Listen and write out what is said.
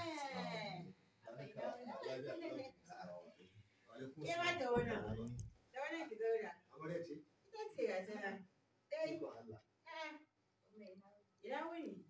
Ke ma da wannan, da wannan ki zauna. Amarya ce? Ita ce ga tana. Dai. Eh. Ina wuni.